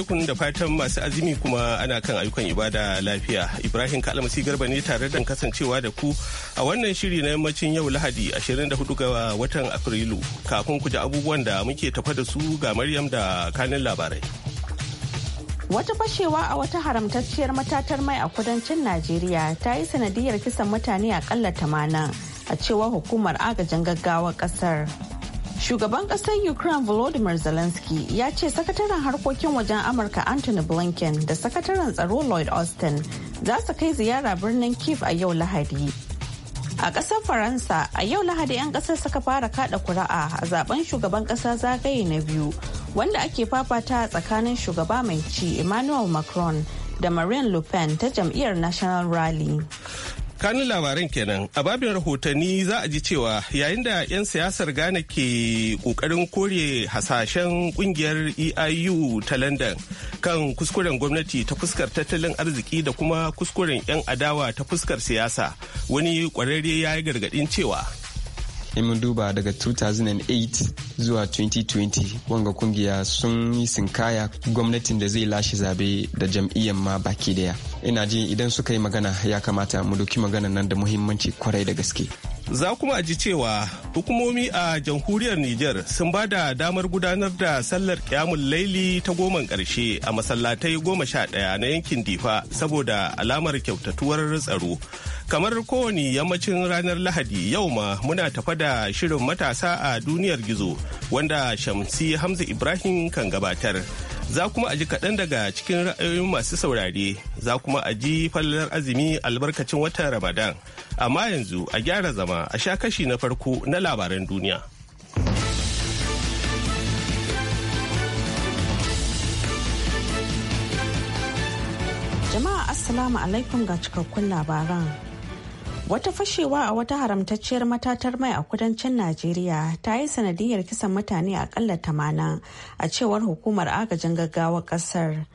Dukun da fatan masu azumi kuma ana kan ayyukan ibada lafiya. Ibrahim Kalmasi Garba ne tare da kasancewa da ku a wannan shiri na yammacin yau Lahadi 24 ga watan Afrilu. Kafin ku ji abubuwan da muke tafa da su ga Maryam da kanin labarai. Wata fashewa a wata haramtacciyar matatar mai a kudancin Najeriya ta yi sanadiyar kisan mutane akalla 80 a cewar hukumar agajin gaggawar kasar. Shugaban ƙasar Ukraine Volodymyr Zelensky ya ce sakataren harkokin wajen Amurka Anthony Blinken da sakataren tsaro Lloyd Austin za su kai ziyara birnin Kiev a yau Lahadi. A ƙasar Faransa a yau Lahadi 'yan ƙasar suka fara kada kura'a a zaben shugaban ƙasa zagaye na biyu wanda ake fafata tsakanin shugaba mai ci Emmanuel Macron da Marine Le Pen ta jam'iyyar National Rally. kanin labaran kenan a babin rahotanni za a ji cewa yayin da 'yan siyasar ghana ke kokarin kore hasashen kungiyar eiu ta london kan kuskuren gwamnati ta fuskar tattalin arziki da kuma kuskuren 'yan adawa ta fuskar siyasa wani kwararre ya yi gargadin cewa in mun duba daga 2008 zuwa 2020 wanga kungiya sun yi sinkaya gwamnatin da zai lashe zabe da jam'iyyar ma baki daya ina ji idan suka yi magana ya kamata mu doki magana nan da muhimmanci kwarai da gaske Za kuma ji cewa hukumomi a jamhuriyar Nijar sun ba da damar gudanar da sallar kyamun laili ta goman ƙarshe a masallatai goma sha ɗaya na yankin Difa saboda alamar kyautatuwar tsaro. Kamar kowane yammacin ranar Lahadi yau ma muna tafa da shirin matasa a duniyar gizo wanda Shamsi Hamza Ibrahim kan gabatar. za kuma a ji kaɗan daga cikin ra'ayoyin masu saurare za kuma a ji fallar azumi albarkacin watan ramadan amma yanzu a gyara zama a sha kashi na farko na labaran duniya jama'a assalamu alaikum ga cikakkun labaran Wata fashewa a wata haramtacciyar matatar mai a kudancin Najeriya ta yi sanadiyar kisan mutane akalla tamanin a cewar hukumar agajin gaggawa kasar.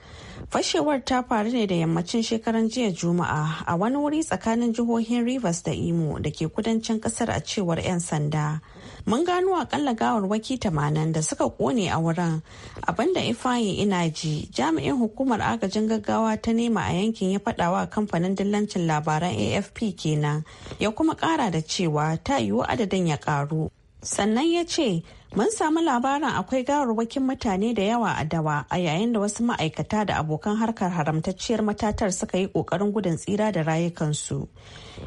Fashewar ta faru ne da yammacin shekaran jiya Juma'a a wani wuri tsakanin jihohin Rivers da Imo da ke kudancin kasar a cewar 'yan sanda. mun gano akalla gawarwaki tamanin da suka kone a wurin abinda ifayin ji?" jami'in hukumar agajin gaggawa ta nema a yankin ya fadawa kamfanin dillancin labaran afp kenan ya kuma kara da cewa ta yiwu adadin ya karu sannan ya ce mun samu labarin akwai gawarwakin mutane da yawa a dawa a yayin da wasu ma'aikata da abokan harkar haramtacciyar matatar suka yi kokarin gudun tsira da rayukansu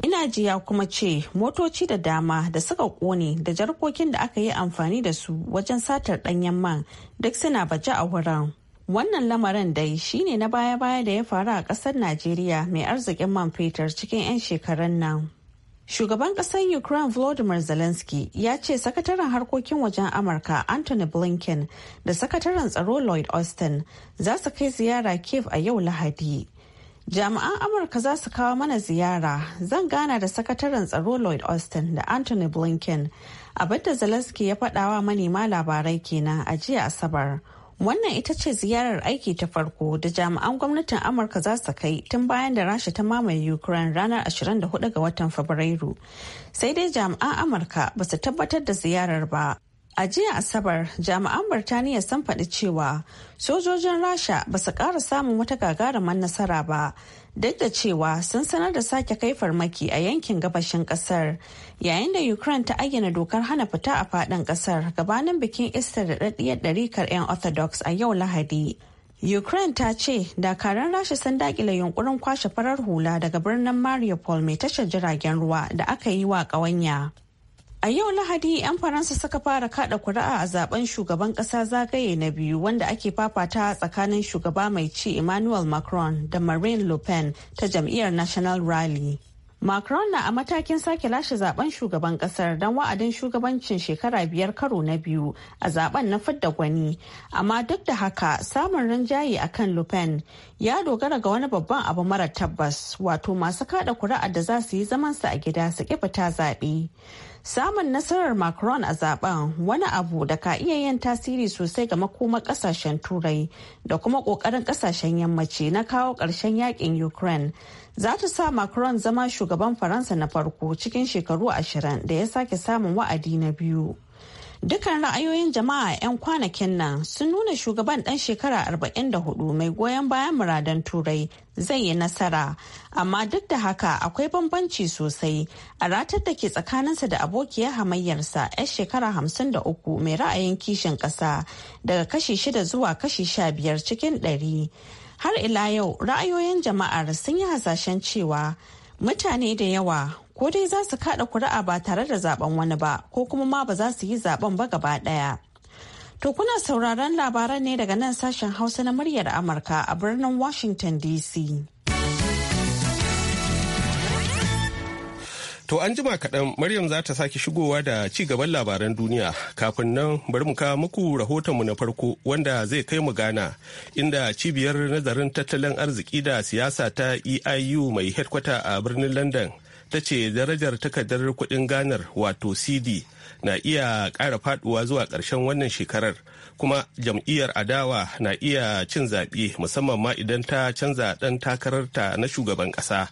ina jiya kuma ce motoci da dama da suka kone da jarkokin da aka yi amfani da su wajen satar danyen man duk suna baje a wurin wannan lamarin dai shine na baya-baya da ya faru a ƙasar najeriya mai arzikin man fetur cikin 'yan shekarun nan Shugaban ƙasar Ukraine Volodymyr Zelensky ya ce sakataren harkokin wajen Amurka Anthony Blinken da sakataren tsaro Lloyd Austin za su kai ziyara Kiev a yau Lahadi. Jami'an Amurka za su kawo mana ziyara zan gana da sakataren tsaro Lloyd Austin da Anthony Blinken abinda Zelensky ya faɗawa manema labarai kenan a jiya Asabar. Wannan ita ce ziyarar aiki ta farko da jami'an gwamnatin Amurka za su kai tun bayan da Rasha ta mamaye Ukraine ranar 24 ga watan Fabrairu. Sai dai jami'an Amurka ba su tabbatar da ziyarar ba. A jiya Asabar, jami'an Birtaniya sun faɗi cewa sojojin Rasha ba su ƙara samun wata gagarumar nasara ba, duk da cewa sun sanar da sake kai farmaki a yankin gabashin ƙasar, yayin da Ukraine ta ayyana dokar hana fita a faɗin ƙasar gabanin bikin Easter da ɗaɗɗiyar ɗarikar 'yan Orthodox a yau Lahadi. Ukraine ta ce dakaran Rasha sun daƙile yunkurin kwashe farar hula daga birnin Mariupol mai tashar jiragen ruwa da aka yi wa ƙawanya. A yau Lahadi 'yan Faransa suka fara kada kuri'a a zaben shugaban kasa zagaye na biyu wanda ake fafata tsakanin shugaba mai ci Emmanuel Macron da Marine Le Pen ta jam'iyyar National Rally. Macron na a matakin sake lashe zaben shugaban kasar don wa'adin shugabancin shekara biyar karo na biyu a zaben na fidda gwani. Amma duk da haka samun rinjaye a kan Le ya dogara ga wani babban abu mara tabbas wato masu kada kuri'a da za su yi zamansa a gida su kifa fita zaɓe. Samun nasarar Macron a zaben wani abu da ka iya yin tasiri sosai ga makomar kasashen turai da kuma kokarin kasashen yammaci na kawo ƙarshen yakin Ukraine za ta sa Macron zama shugaban Faransa na farko cikin shekaru ashirin da ya sake samun wa'adi na biyu. Dukan ra'ayoyin jama'a 'yan kwanakin nan sun nuna shugaban ɗan shekara 44 mai goyon bayan muradan turai zai yi nasara, amma duk da haka akwai bambanci sosai a ratar da ke tsakaninsa da abokiyar hamayyarsa 'yan shekara 53 mai ra'ayin kishin ƙasa daga kashi 6 zuwa kashi 15 cikin 100. Har ila yau ra'ayoyin jama'ar sun yi hasashen cewa mutane da yawa ko dai za su kada kuri'a ba tare da zaben wani ba ko kuma ma ba za su yi zaben ba gaba daya to kuna sauraron labaran ne daga nan sashen hausa na muryar amurka a birnin washington dc To an jima kaɗan Maryam za ta sake shigowa da ci gaban labaran duniya kafin nan bari mu kawo muku rahotonmu na farko wanda zai kai mu gana inda cibiyar nazarin tattalin arziki da siyasa ta EIU mai headkwata a birnin London ta ce darajar takardar kudin ganar wato cd na iya ƙara faduwa zuwa ƙarshen wannan shekarar kuma jam'iyyar adawa na iya cin zaɓe musamman ma idan ta canza ɗan takararta na shugaban ƙasa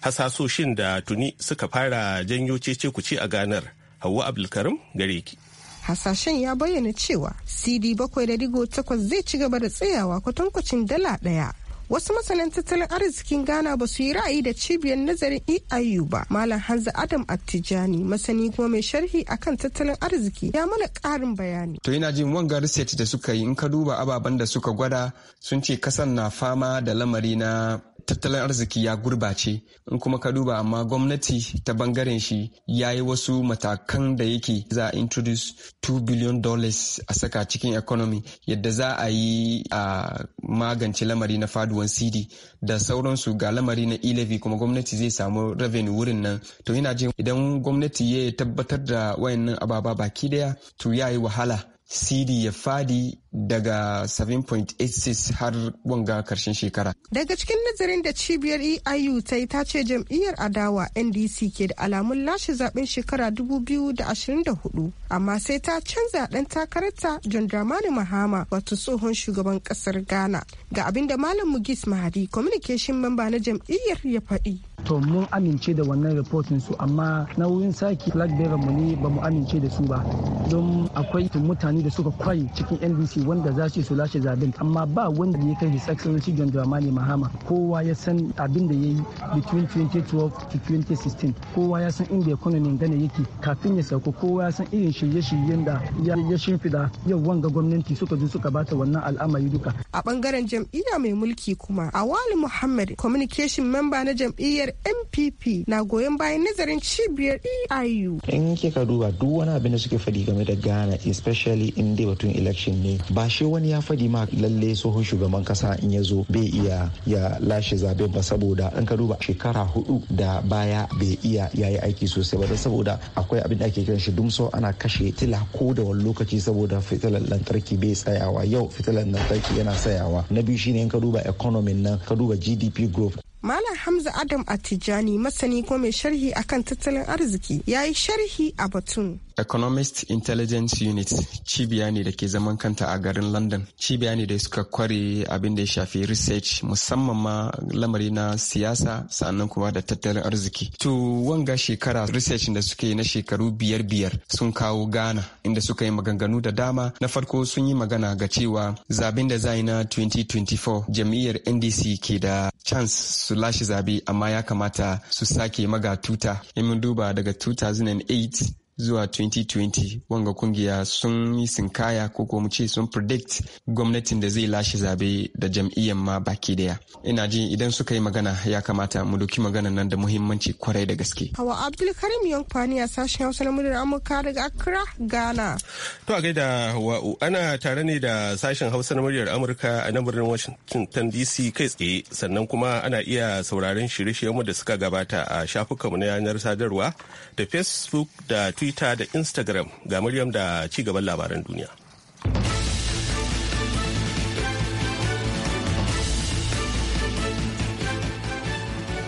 hasasoshin da tuni suka fara janyo cece kuce a ganar hawa abdulkarim gare ki hasashen ya bayyana cewa cd 7.8 zai ci gaba da tsayawa kwatankwacin dala ɗaya wasu masanan tattalin arzikin ghana ba su yi ra'ayi da cibiyar nazarin eiu ba malam hanza adam attijani masani kuma mai sharhi akan tattalin arziki ya mana ƙarin bayani to yana jin wanga research da suka yi in ka duba ababen da suka gwada sun ce kasan na fama da lamari na tattalin arziki ya gurbace in kuma ka duba amma gwamnati ta bangaren shi ya yi wasu matakan da yake za a introduce 2 billion dollars a saka cikin economy yadda za a yi a magance lamari na faduwan cd da sauransu ga lamari na e kuma gwamnati zai samu revenue wurin nan to yana jin idan gwamnati ya tabbatar da wayannan ababa baki daya to ya yi wahala cd ya fadi daga 7.86 har wanga karshen shekara. Daga cikin nazarin da cibiyar EIU ta yi ta ce jam'iyyar adawa NDC ke da alamun lashe zaben shekara 2024 amma sai ta canza dan takararta John Dramani Mahama wato tsohon shugaban kasar Ghana ga abin da Malam Mugis Mahadi communication member na jam'iyyar ya faɗi. To mun amince da wannan reportin su amma nauyin saki flag bearer mu ne ba mu amince da su ba don akwai mutane da suka kwai cikin NDC wanda za su su lashe zaben amma ba wanda ya kai his excellency john dramani mahama kowa ya san abin da ya yi between 2012 to 2016 kowa ya san inda ne gane yake kafin ya sauko kowa ya san irin shirye-shiryen da ya shimfida yau wanga gwamnati suka zo suka bata wannan al'amari duka a bangaren jam'iyya mai mulki kuma awali muhammad communication member na jam'iyyar npp na goyon bayan nazarin cibiyar eiu in kika duba duk wani abin da suke faɗi game da ghana especially in dai batun election ne ba shi wani ya faɗi ma lalle tsohon shugaban kasa in ya zo bai iya ya lashe zaben ba saboda in ka duba shekara hudu da baya bai iya ya yi aiki sosai ba don saboda akwai abin da ake kiran shi dumso ana kashe tila ko da wani lokaci saboda fitilar lantarki bai tsayawa yau fitilar lantarki yana tsayawa na biyu shine in ka duba economy nan ka duba gdp growth Malam Hamza Adam Atijani masani ko mai sharhi akan tattalin arziki ya yi sharhi a batun. Economist Intelligence Unit cibiya ne da ke zaman kanta a garin London. Cibiya ne da suka kware abin da ya shafi research musamman ma lamari na siyasa sannan kuma da tattalin arziki. To wanga shekara research da suke na shekaru biyar biyar sun kawo Ghana inda suka yi maganganu da dama. Na farko sun yi magana ga cewa zaben da zai na 2024 jam'iyyar NDC ke da chance su lashe zabe amma ya kamata su sake maga tuta. In mun duba daga 2008 zuwa 2020 wanga kungiya sun yi sinkaya ko kuma ce sun predict gwamnatin da zai lashe zabe da jam'iyyar ma baki daya ina jin idan suka yi magana ya kamata mu doki magana nan da muhimmanci kwarai da gaske hawa abdulkarim yankwani a sashen hausa na muryar amurka daga accra ghana to a gaida wa'u ana tare ne da sashen hausa na muryar amurka a nan birnin washington dc kai tsaye sannan kuma ana iya sauraron shirye-shiryenmu da suka gabata a shafukanmu na yanar sadarwa da facebook da twitter da instagram ga Maryam da ci gaban labaran duniya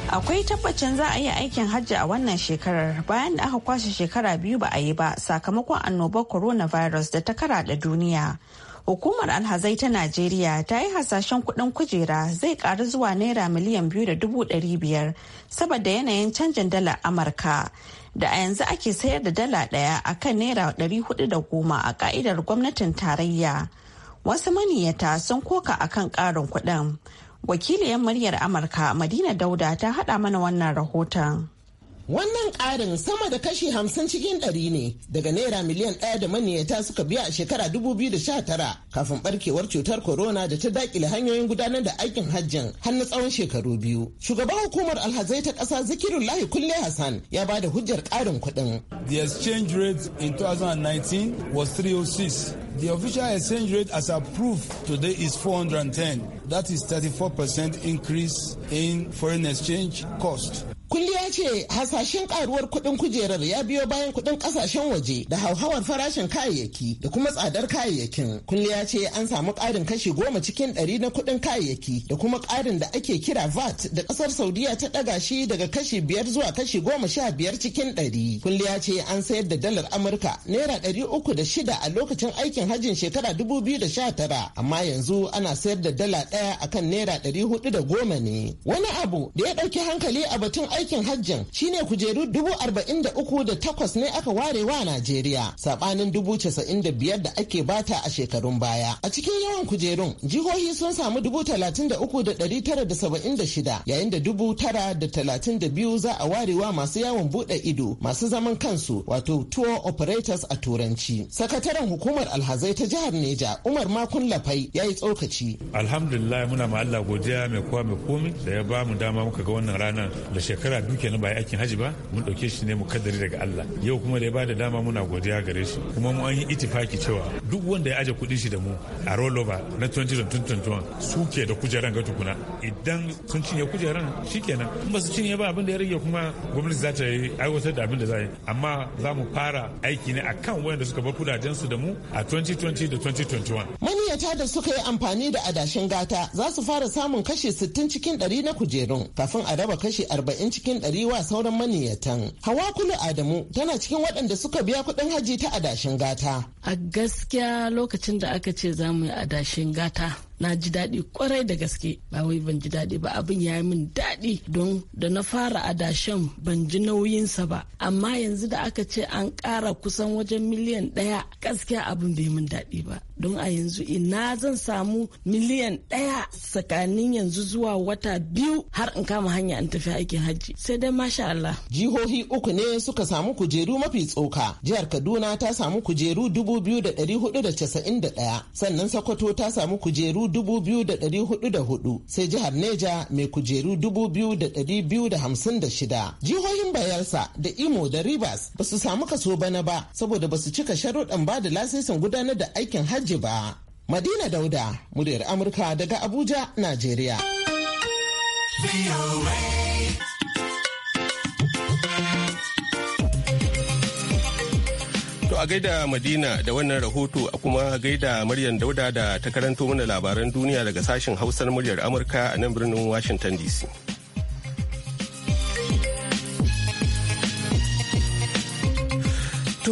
akwai tabbacin za a yi aikin hajji a wannan shekarar bayan da aka kwashe shekara biyu ba a yi ba sakamakon annobar coronavirus da ta kara da duniya Hukumar alhazai ta Najeriya ta yi hasashen kudin kujera zai karu zuwa naira miliyan biyu da dubu dari biyar saboda yanayin canjin dala Amurka. Da a yanzu ake sayar da dala ɗaya a kan naira ɗari hudu da goma a ka'idar gwamnatin tarayya. Wasu maniyata sun koka a kan ƙarin kuɗin. Wakiliyar muryar Amurka Madina Dauda ta haɗa mana wannan rahoton. Wannan ƙarin sama da kashi hamsin cikin ɗari ne daga naira miliyan ɗaya da maniyata suka biya a shekara dubu biyu da sha tara kafin barkewar cutar corona da ta daƙile hanyoyin gudanar da aikin hajjin har na tsawon shekaru biyu. Shugaban hukumar alhazai ta ƙasa Zikirullahi Kulle Hassan ya ba da hujjar ƙarin kuɗin. The exchange rate in 2019 was 306. The official exchange rate as approved today is 410. That is 34% increase in foreign exchange cost. Kulliya ce hasashen karuwar kuɗin kujerar ya biyo bayan kuɗin ƙasashen waje da hauhawar farashin kayayyaki da kuma tsadar kayayyakin. Kulliya ce an samu ƙarin kashi goma cikin ɗari na kuɗin kayayyaki da kuma ƙarin da ake kira VAT da ƙasar Saudiya ta ɗaga shi daga kashi biyar zuwa kashi goma sha biyar cikin ɗari. Kulliya ce an sayar da dalar Amurka naira ɗari uku da shida a lokacin aikin hajjin shekara dubu biyu da sha tara amma yanzu ana sayar da dala ɗaya akan naira ɗari hudu da goma ne. Wani abu da ya ɗauki hankali a batun aiki aikin hajjin shine kujeru dubu arba'in da uku da takwas ne aka ware wa Najeriya saɓanin dubu casa'in da biyar da ake bata a shekarun baya. A cikin yawan kujerun jihohi sun samu dubu talatin da uku da ɗari tara da saba'in da shida yayin da dubu tara da talatin da biyu za a warewa masu yawon buɗe ido masu zaman kansu wato tour operators a turanci. Sakataren hukumar alhazai ta jihar Neja Umar Makun Lafai ya yi tsokaci. Alhamdulillah muna ma Allah godiya mai kowa mai komi da ya ba mu dama muka ga wannan ranar da shekara shekara duke na ba aikin haji ba mun dauke shi ne mukaddari daga Allah yau kuma da ya bada dama muna godiya gare shi kuma mu an yi itifaki cewa duk wanda ya aje kudin shi da mu a rollover na 2021 su da kujeran ga tukuna idan sun cinye kujeran shikenan in ba su cinye ba abin da ya rage kuma gwamnati za ta yi aiwatar da abin da za yi amma za mu fara aiki ne akan wayanda suka bar kudaden su da mu a 2020 da 2021 maniyata da suka yi amfani da adashin gata za su fara samun kashi 60 cikin 100 na kujerun kafin a raba kashi 40 cikin cikin ɗari wa sauran maniyatan. Hawa Kulu Adamu tana cikin waɗanda suka biya kuɗin haji ta adashin gata. A gaskiya lokacin da aka ce za mu yi adashin gata na ji daɗi kwarai da gaske ba wai ban ji daɗi ba abin ya yi min daɗi don da na fara adashen ban ji nauyinsa ba amma yanzu da aka ce an ƙara kusan wajen miliyan ɗaya gaskiya abin bai min daɗi ba don a yanzu ina zan samu miliyan ɗaya tsakanin yanzu zuwa wata biyu har in kama hanya in tafi aikin hajji sai dai masha Allah. Jihohi uku ne suka samu kujeru mafi tsoka. Jihar Kaduna ta samu kujeru dubu biyu da ɗari hudu da casa'in da ɗaya sannan Sokoto ta samu kujeru 2,404 sai jihar Neja mai kujeru 2,256. Jihohin Bayelsa da Imo da Rivers ba su samu kaso bana ba saboda ba su cika sharuɗan ba da lasisin gudanar da aikin hajji ba. Madina Dauda, muryar Amurka daga Abuja, Najeriya. a gaida Madina da wannan rahoto a kuma gaida Maryam Dauda da ta karanto mana labaran duniya daga sashen Hausar muryar Amurka a nan birnin Washington DC.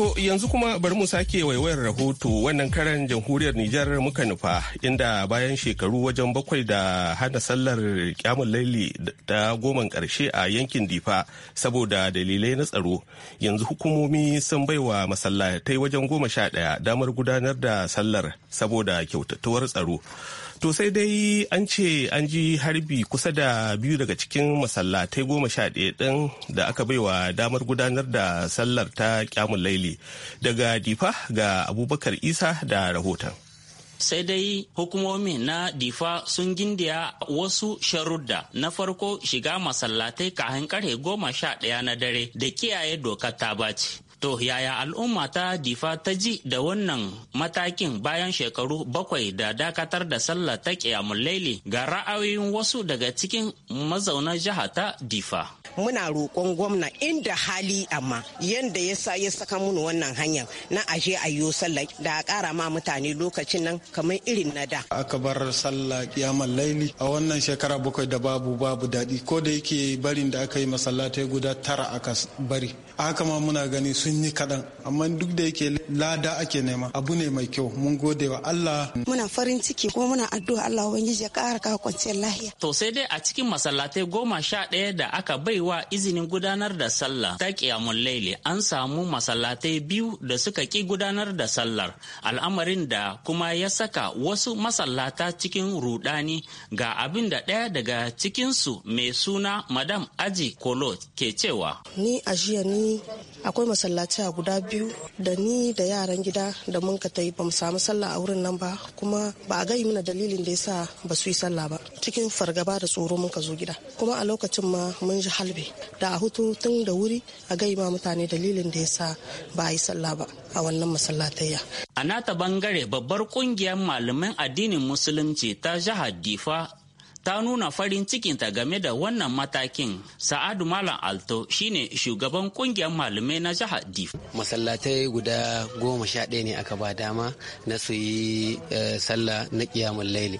To yanzu kuma bari mu sake waiwayar rahoto wannan karan jamhuriyar Nijar muka nufa inda bayan shekaru wajen bakwai da hana sallar kyamun laili da goman karshe a yankin Difa saboda dalilai na tsaro yanzu hukumomi sun baiwa masallatai wajen goma sha ɗaya damar gudanar da sallar saboda kyautatuwar tsaro. To sai dai an ce an ji harbi kusa da biyu daga cikin masallatai goma sha ɗaya ɗin da aka baiwa damar gudanar da sallar ta kyamun laili daga difa ga abubakar isa da rahoton. sai dai hukumomi na difa sun gindiya wasu sharudda na farko shiga masallatai kahin karfe goma sha ɗaya na dare da kiyaye dokar ta bace. To yaya al'umma ta difa ta ji da wannan matakin bayan shekaru bakwai da dakatar da sallah ta ƙiyamun laili ga ra'ayoyin wasu daga cikin mazauna jiha ta difa. Muna roƙon gwamna inda hali amma yadda ya sa ya saka mun wannan hanyar na aje a yi sallah da ƙara ma mutane lokacin nan kamar irin na da. Aka bar sallah ƙiyamun laili a wannan shekara bakwai da babu babu daɗi ko da yake barin da aka yi masallatai guda tara aka bari. Haka ma muna gani sun sun yi kaɗan amma duk da yake lada ake nema abu ne mai kyau mun gode wa Allah. Muna farin ciki kuma muna addu'a Allah Ubangiji ya ƙara kawo kwanciyar lahiya. To sai dai a cikin masallatai goma sha ɗaya da aka baiwa izinin gudanar da sallah ta ƙiyamun laili an samu masallatai biyu da suka ƙi gudanar da sallar al'amarin da kuma ya saka wasu masallata cikin rudani ga abin da ɗaya daga cikinsu mai suna madam aji kolo ke cewa. Ni a jiya ni akwai masallatai masallaci a guda biyu da ni da yaran gida da mun ka yi ba mu samu sallah a wurin nan ba kuma ba a gai mana dalilin da yasa ba su yi sallah ba cikin fargaba da tsoro mun ka zo gida kuma a lokacin ma mun ji halbe da a hutu tun da wuri a gayi ma mutane dalilin da yasa ba a yi sallah ba a wannan masallatayya. A nata bangare babbar kungiyar malaman addinin musulunci ta jihar Difa ta nuna farin cikinta game da wannan matakin sa'adu malam alto shine shugaban kungiyar malamai na jihar dif masallatai guda goma sha ɗaya ne aka ba dama na su yi eh, sallah na kiyamun laili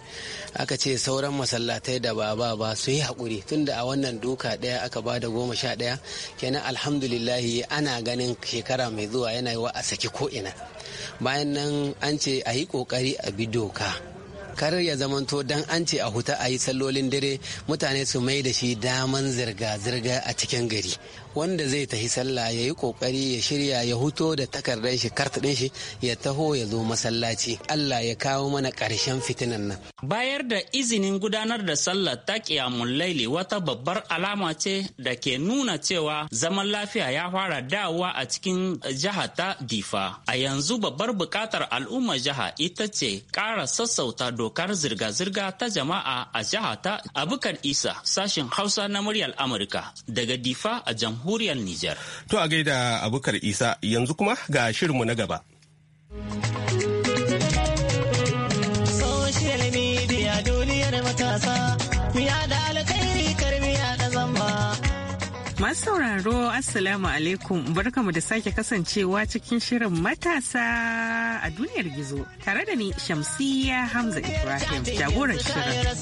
aka ce sauran masallatai da ba ba ba su yi haƙuri tunda a wannan duka ɗaya aka ba da goma sha ɗaya kenan alhamdulillahi ana ganin shekara mai zuwa yana yi wa a saki ko'ina bayan nan an ce a yi ƙoƙari a bi doka kar ya zamanto dan an ce a huta a yi sallolin dare mutane su mai da shi daman zirga-zirga a cikin gari wanda zai tafi sallah ya yi kokari ya shirya ya huto da takardar shi kartaɗin shi ya taho ya zo masallaci Allah ya kawo mana ƙarshen fitinan nan. Bayar da izinin gudanar da Sallah ta ƙiyamun laili wata babbar alama ce da ke nuna cewa zaman lafiya ya fara dawowa a cikin jiha ta Difa. A yanzu babbar buƙatar al'ummar jiha ita ce ƙara sassauta dokar zirga-zirga ta jama'a a jiha ta Abubakar Isa sashen Hausa na muryar Amurka daga Difa a jamhuriyar jamhuriyar Nijar. To a gaida Abukar Isa yanzu kuma ga shirinmu na gaba. Social duniyar matasa, da zamba. sauraro Assalamu alaikum barkamu da sake kasancewa cikin shirin matasa a duniyar gizo tare da ni shamsiya Hamza Ibrahim jagoran shirin.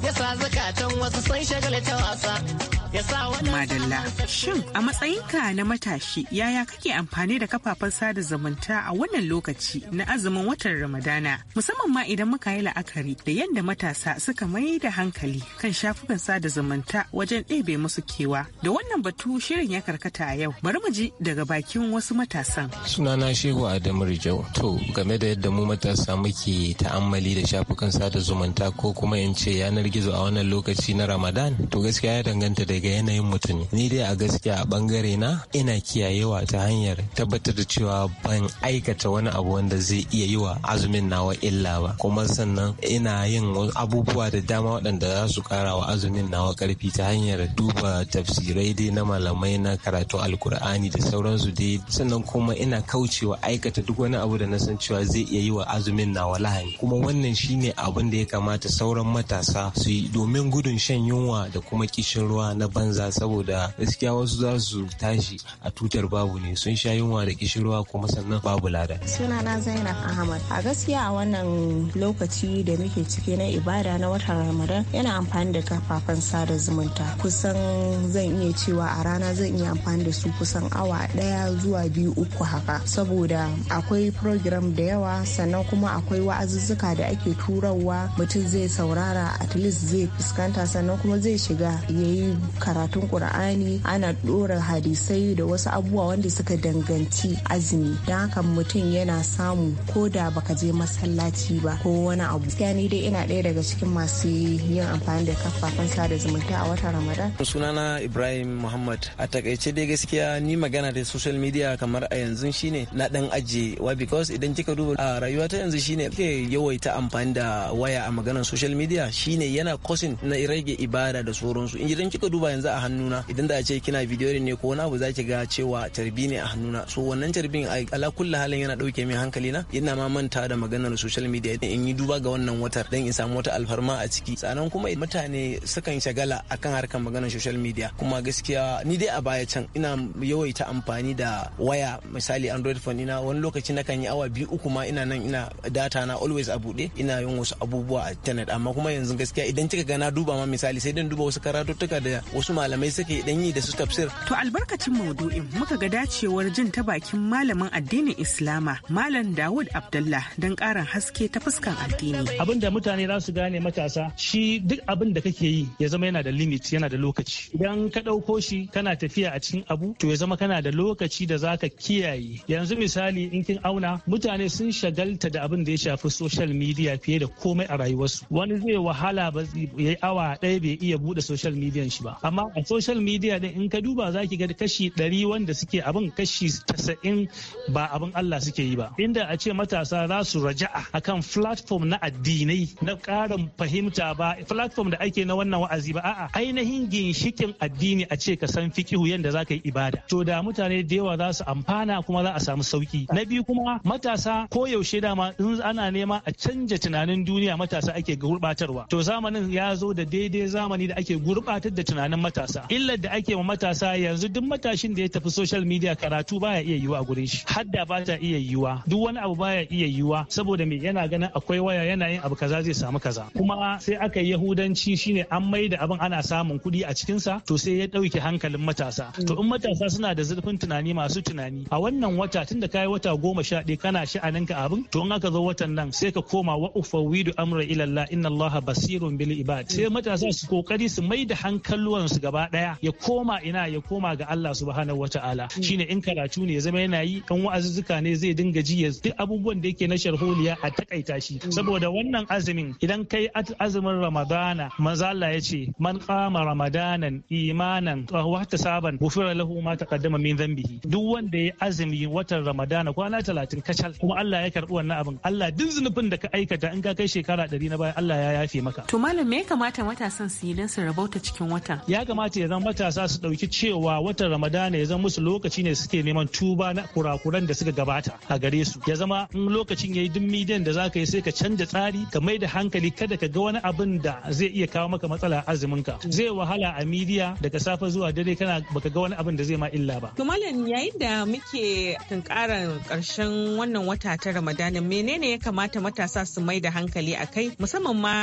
zakatan wasu sun Madalla, shin a matsayinka na matashi yaya kake amfani da kafafen sada zumunta a wannan lokaci na azumin watan Ramadana musamman ma idan muka yi la'akari da yadda matasa suka mai da hankali kan shafukan sada zumunta wajen ɗebe musu kewa. Da wannan batu shirin ya karkata a yau bari mu ji daga bakin wasu matasan. Sunana Shehu Adamu Rijau. To game da yadda mu matasa muke ta'ammali da shafukan sada zumunta ko kuma in ce yanar gizo a wannan lokaci na Ramadan to gaskiya ya danganta da daga yanayin mutum ni dai a gaskiya a bangare na ina kiyayewa ta hanyar tabbatar da cewa ban aikata wani abu wanda zai iya yi wa azumin nawa illa ba kuma sannan ina yin abubuwa da dama waɗanda za su kara wa azumin nawa karfi ta hanyar duba tafsirai dai na malamai na karatu alkur'ani da sauransu dai sannan kuma ina kaucewa aikata duk wani abu da na san cewa zai iya yi wa azumin nawa lahani kuma wannan shine abin da ya kamata sauran matasa su yi domin gudun shan yunwa da kuma kishin ruwa na na banza saboda gaskiya wasu za su tashi a tutar babu ne sun sha yunwa da kishirwa kuma sannan babu lada. Suna na Zainab Ahmad. A gaskiya a wannan lokaci da muke ciki na ibada na watan Ramadan yana amfani da kafafen sada zumunta. Kusan zan iya cewa a rana zan iya amfani da su kusan awa ɗaya, zuwa biyu uku haka saboda akwai program da yawa sannan kuma akwai wa'azuzzuka da ake turawa mutum zai saurara at least zai fuskanta sannan kuma zai shiga yayi karatun Kur'ani ana ɗora hadisai da wasu abubuwa wanda suka danganci azumi don haka mutum yana samu ko da baka je masallaci ba ko wani abu. Gaskiya ni dai ina ɗaya daga cikin masu yin amfani da kafafen sada zumunta a watan Ramadan. Sunana Ibrahim Muhammad a takaice dai gaskiya ni magana da social media kamar a yanzu shine na dan aje wa because idan kika duba a rayuwa ta yanzu shine ke yawaita amfani da waya a maganar social media shine yana kosin na rage ibada da sauransu. Idan kika duba ba yanzu a hannuna idan da a ce kina bidiyo ne ko wani abu zaki ga cewa tarbi ne a hannuna so wannan tarbin ala kulli halin yana dauke min hankali na ina ma manta da maganar social media in yi duba ga wannan watar dan in samu wata alfarma a ciki sanan kuma mutane sukan shagala akan harkar maganar social media kuma gaskiya ni dai a baya can ina yawaita amfani da waya misali android phone ina wani lokaci na kan yi awa biyu uku ma ina nan ina data na always a bude ina yin wasu abubuwa a internet amma kuma yanzu gaskiya idan kika ga na duba ma misali sai dan duba wasu karatuttuka da wasu malamai suke dan yi da su tafsir. To albarkacin maudu'in muka ga dacewar jin ta bakin malamin addinin Islama Malam Dawud Abdullah don karin haske ta fuskan addini. Abin da mutane za su gane matasa shi duk abin da kake yi ya zama yana da limit yana da lokaci. Idan ka ɗauko shi kana tafiya a cikin abu to ya zama kana da lokaci da za ka kiyaye. Yanzu misali in kin auna mutane sun shagalta da abin da ya shafi social media fiye da komai a rayuwarsu. Wani zai wahala ba ya yi awa ɗaya bai iya buɗe social media shi ba. amma a social media din in ka duba za ki ga kashi ɗari wanda suke abin kashi tasa'in ba abin Allah suke yi ba inda a ce matasa za su raja'a akan platform na addinai na ƙarin fahimta ba platform da ake na wannan wa'azi ba a'a ainihin ginshikin addini a ce ka san fikihu yadda za ka yi ibada to da mutane da yawa za su amfana kuma za a samu sauki na biyu kuma matasa ko yaushe dama in ana nema a canja tunanin duniya matasa ake gurbatarwa to zamanin ya zo da daidai zamani da ake gurbatar da tunanin tsakanin matasa illar da ake wa matasa yanzu duk matashin da ya tafi social media karatu baya iya yiwa gurin shi hadda ba ta iya yiwa duk wani abu baya iya yiwa saboda me yana ganin akwai waya yana yin abu kaza zai samu kaza kuma sai aka yi yahudanci shine an mai da abin ana samun kuɗi a cikin sa to sai ya ɗauke hankalin matasa to in matasa suna da zurfin tunani masu tunani a wannan wata tunda da kayi wata goma sha ɗaya kana sha'aninka abin to in aka zo watan nan sai ka koma wa ufawidu amra ilallah inna allaha basirun bil ibad sai matasa su kokari su mai da hankaluwan ayyukan su gaba daya ya koma ina ya koma ga Allah subhanahu wataala hmm. shine in karatu ne ya zama yana yi kan wa'azuzzuka ne zai dinga ji ya duk abubuwan da yake na sharholiya a takaita shi hmm. saboda wannan azumin idan kai azumin ramadana manzo Allah ya ce man qama ramadanan imanan wa saban gufira lahu ma taqaddama min dhanbihi duk wanda ya azumi watan ramadana kwana 30 kacal kuma Allah ya karbi wannan abin Allah duk zunubin da ka aikata in ka kai shekara 100 na baya Allah ya yafe maka to malam me ya kamata matasan su yi don su rabauta cikin watan ya kamata ya zama matasa su ɗauki cewa watan ramadana ya zama musu lokaci ne suke neman tuba na kurakuran da suka gabata a gare su ya zama in lokacin yayi duk midiyan da zaka yi sai ka canja tsari ka mai da hankali kada ka ga wani abin da zai iya kawo maka matsala azumin ka zai wahala a midiya daga safe zuwa dare kana baka ga wani abin da zai ma illa ba to mallam yayin da muke tunkarar karshen wannan wata ta ramadana menene ya kamata matasa su mai da hankali a kai musamman ma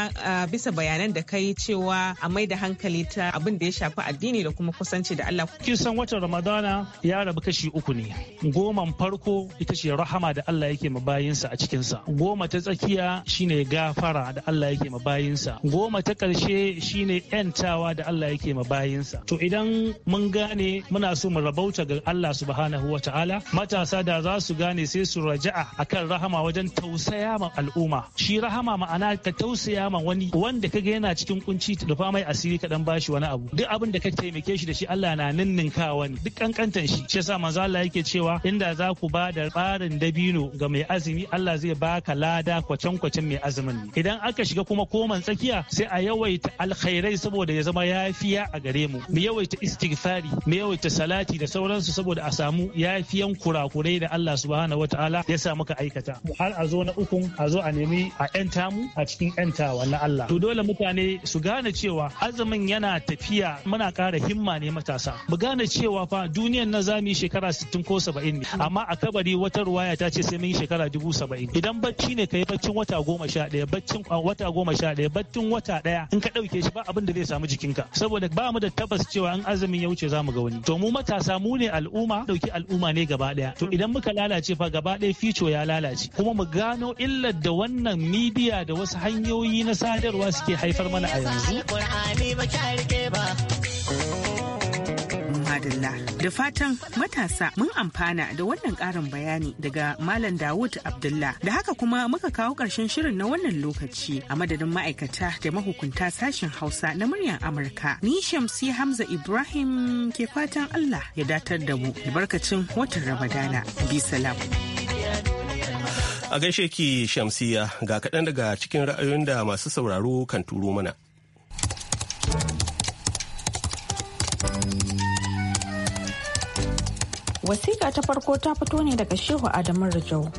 bisa bayanan da kai cewa a mai da hankali ta abin da ya shafi addini da kuma kusanci da Allah. Kin san watan Ramadana ya rabu kashi uku ne. Goman farko ita ce rahama da Allah yake ma bayinsa a cikinsa. Goma ta tsakiya shine gafara da Allah yake ma bayinsa. Goma ta karshe shine ‘yantawa da Allah yake ma bayinsa. To idan mun gane muna so mu rabauta ga Allah subhanahu wa ta'ala matasa da za su gane sai su raja'a akan rahama wajen tausaya ma al'umma. Shi rahama ma'ana ka tausaya ma wani wanda kaga yana cikin kunci da fama mai asiri kaɗan bashi wani abu. abu duk abin da ka taimake shi da shi Allah na ninninkawa ne duk kankantan shi shi yasa manzo Allah yake cewa inda za ku ba da barin dabino ga mai azumi Allah zai baka lada kwacen kwacen mai azumin idan aka shiga kuma koman tsakiya sai a yawaita alkhairai saboda ya zama yafiya a gare mu mu yawaita istighfari mu yawaita salati da sauransu saboda a samu yafiyan kurakurai da Allah subhanahu wataala ya sa muka aikata har a zo na uku a zo a nemi a yanta mu a cikin yantawa na Allah to dole mutane su gane cewa azumin yana tafiya tafiya muna kara himma ne matasa mu gane cewa fa duniyan na zamu yi shekara 60 ko 70 ne amma a kabari wata ruwaya ta ce sai mun yi shekara 70 idan bacci ne kai baccin wata goma baccin wata goma baccin wata ɗaya in ka dauke shi ba abin da zai samu jikinka saboda ba mu da tabbas cewa an azumin ya wuce zamu ga wani to mu matasa mu ne al'umma ɗauki al'umma ne gaba ɗaya to idan muka lalace fa gaba ɗaya fico ya lalace kuma mu gano illar da wannan midiya da wasu hanyoyi na sadarwa suke haifar mana a yanzu. ba Da fatan matasa mun amfana da wannan ƙarin bayani daga Malam Dawud Abdullah. Da haka kuma muka kawo ƙarshen shirin na wannan lokaci a madadin ma'aikata da mahukunta sashen Hausa na muryar Amurka. Ni Shamsi Hamza Ibrahim ke fatan Allah ya datar da mu albarkacin watan Ramadana. Bi salam. A gaishe ki Shamsiya ga kaɗan daga cikin ra'ayoyin da masu sauraro kan turo mana. Wasiƙa ta farko ta fito ne daga Shehu Adamu rajo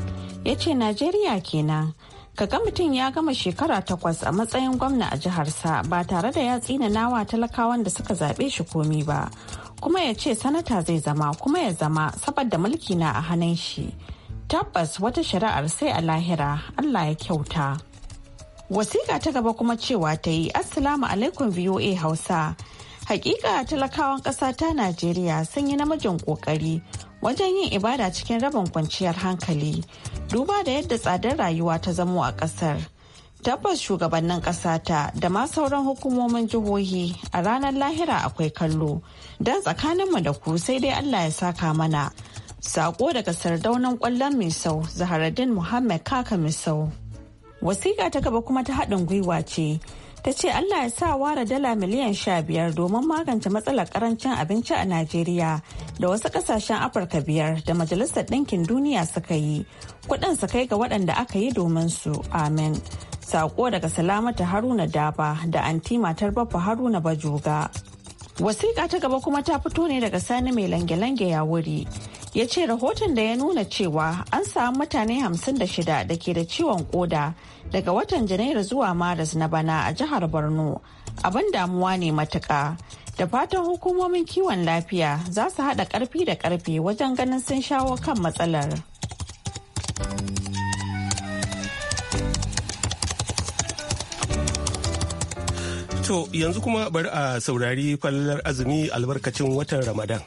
Ya ce Najeriya kenan. Kaga mutum ya gama shekara takwas a matsayin gwamna a jiharsa ba tare da ya nawa talakawan da suka zaɓe shi komi ba. Kuma ya ce sanata zai zama kuma ya zama saboda mulki na a hannun shi. Tabbas wata shari'ar sai a lahira Allah ya kyauta. Wasiƙa ta gaba kuma cewa ta yi Assalamu alaikum VOA Hausa. Hakika talakawan ƙasa ta Najeriya sun yi namijin ƙoƙari wajen yin ibada cikin rabin kwanciyar hankali duba da yadda tsadar rayuwa ta zamo a kasar tabbas shugabannin ƙasa ta da ma sauran hukumomin jihohi a ranar lahira akwai kallo don tsakaninmu da ku sai dai allah ya saka mana sako daga sardaunan kwallon sau zaharaddin muhammad kaka mai sau. wasiƙa ta gaba kuma ta haɗin gwiwa ce ta ce Allah ya sa ware dala miliyan sha biyar domin magance matsalar karancin abinci a Najeriya da wasu kasashen Afirka biyar da Majalisar Ɗinkin Duniya suka yi. Kuɗin su kai ga waɗanda aka yi domin su. amen. Saƙo daga Salamatu Haruna Daba da anti matar Baffa Haruna Bajoga. Wasiƙa ta gaba kuma ta fito ne daga Sani mai lange-lange ya wuri. ya ce rahoton da ya nuna cewa an samu mutane 56 da ke da ciwon koda daga watan janairu zuwa maris na bana a jihar borno abin damuwa ne matuka da fatan hukumomin kiwon lafiya za su haɗa ƙarfi da ƙarfi wajen ganin sun shawo kan matsalar. To yanzu kuma bari a saurari kwallar azumi albarkacin watan Ramadan.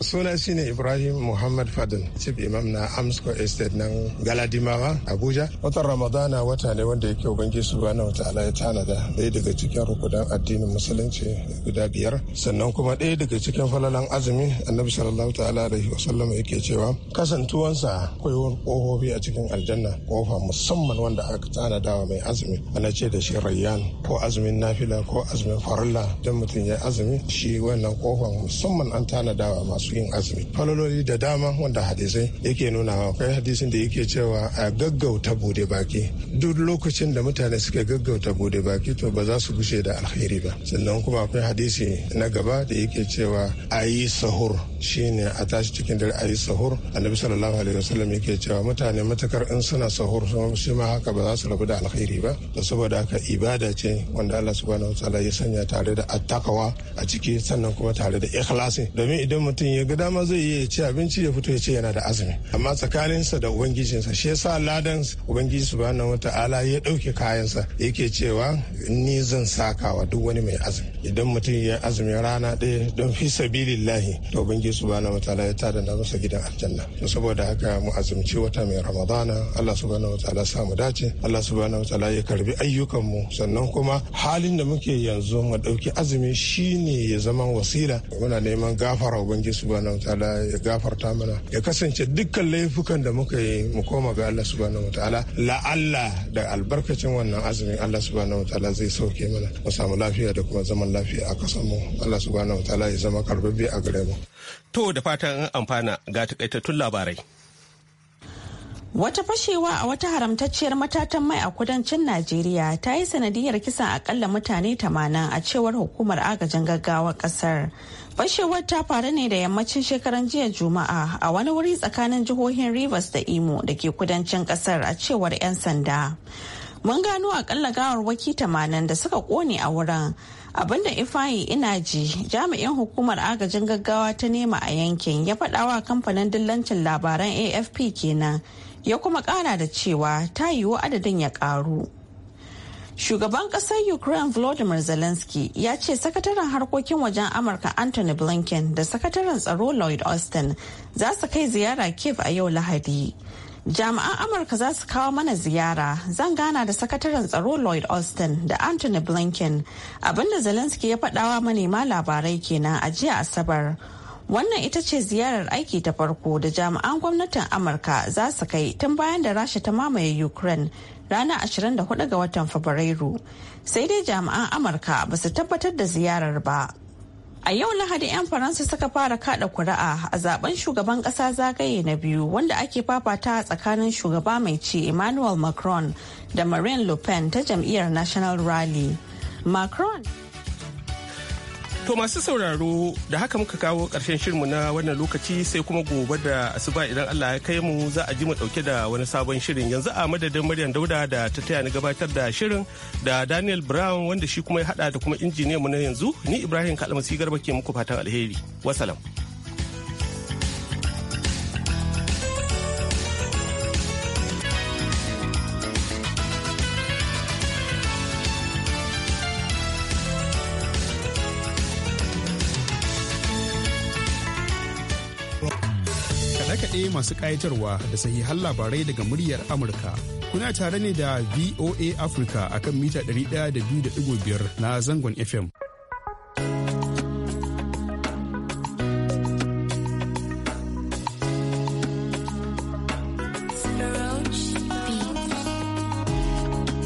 suna shine ibrahim muhammad fadil chief imam na amsco estate nan galadimawa abuja watan ramadana wata ne wanda yake ubangi wata ala ya tanada ɗaya daga cikin rukudan addinin musulunci guda biyar sannan kuma ɗaya daga cikin falalan azumi annabi sallallahu ta'ala alaihi wasallam yake cewa kasantuwansa koyuwar kofofi a cikin aljanna kofa musamman wanda aka tanada wa mai azumi ana ce da shi rayyan ko azumin nafila ko azumin farilla don mutum ya azumi shi wannan kofan musamman an tanada wa masu masu yin azumi falololi da dama wanda hadisai yake nunawa akwai hadisin da yake cewa a gaggauta bude baki duk lokacin da mutane suka gaggauta bude baki to ba za su gushe da alheri ba sannan kuma akwai hadisi na gaba da yake cewa a yi sahur shine a tashi cikin dare a yi sahur annabi sallallahu alaihi wasallam yake cewa mutane matakar in suna sahur shi ma haka ba za su rabu da alheri ba da saboda haka ibada ce wanda Allah subhanahu wa ta'ala ya sanya tare da attaqwa a ciki sannan kuma tare da ikhlasi domin idan mutum ya ga dama zai iya ci abinci ya fito ya ce yana da azumi amma tsakaninsa da ubangijinsa shi yasa ladan ubangiji subhanahu wata'ala ya ɗauke kayansa yake cewa ni zan saka wa duk wani mai azumi idan mutum ya azumi rana ɗaya don fi sabilillahi to ubangiji subhanahu wata'ala ya tada na masa gidan aljanna saboda haka mu azumci wata mai ramadana Allah subhanahu wata'ala sa mu dace Allah subhanahu wata'ala ya karbi ayyukanmu sannan kuma halin da muke yanzu mu ɗauki azumi shine ya zama wasila muna neman gafara ubangiji subhanahu wataala ya gafarta mana ya kasance dukkan laifukan da muka yi mu koma ga Allah subhanahu wataala la'alla da albarkacin wannan azumin Allah subhanahu wataala zai sauke mana mu samu lafiya da kuma zaman lafiya a kasan mu Allah subhanahu wataala ya zama karbabbe a gare mu to da fatan an amfana ga takaitattun labarai Wata fashewa a wata haramtacciyar matatan mai a kudancin Najeriya ta yi sanadiyar kisan akalla mutane 80 a cewar hukumar agajin gaggawa kasar. Fashewar ta faru ne da yammacin shekaran jiya Juma'a a wani wuri tsakanin jihohin Rivers da Imo da ke kudancin kasar a cewar 'yan sanda. Mun gano akalla gawarwaki tamanin da suka kone a wurin. Abinda Ifayi Inaji jami'in hukumar agajin gaggawa ta nema a yankin ya faɗawa kamfanin dillancin labaran AFP kenan ya kuma ƙara da cewa ta yiwu adadin ya ƙaru. Shugaban ƙasar Ukraine Volodymyr Zelensky ya ce sakataren harkokin wajen Amurka Anthony Blinken da sakataren tsaro Lloyd Austin za su kai ziyara Kiev a yau Lahadi. Jami'an Amurka za su kawo mana ziyara zan gana da sakataren tsaro Lloyd Austin da Anthony Blinken abinda Zelensky ya faɗawa manema labarai kenan a jiya Asabar. Wannan ita ce ziyarar aiki ta farko da jami'an gwamnatin Amurka za su kai tun bayan da Rasha ta mamaye Ukraine ranar 24 ga watan Fabrairu. Sai dai jami'an Amurka ba su tabbatar da ziyarar ba. A yau Lahadi 'yan Faransa suka fara kada kuri'a a zaben shugaban kasa zagaye na biyu wanda ake fafata tsakanin shugaba mai ci Emmanuel Macron da Marine Le Pen ta jam'iyyar National Rally. Macron To masu sauraro da haka muka kawo ƙarshen shirinmu na wannan lokaci sai kuma gobe da asuba idan Allah ya kai mu za a ji mu ɗauke da wani sabon shirin yanzu a madadin Maryam Dauda da ta taya ni gabatar da shirin da Daniel Brown wanda shi kuma ya hada da kuma injiniyan mu na yanzu ni Ibrahim Kalmasi Garba ke muku fatan alheri. Wasalam. masu ƙayatarwa da sahihan labarai daga muryar Amurka. Kuna tare ne da VOA Africa akan mita 102.5 na zangon FM.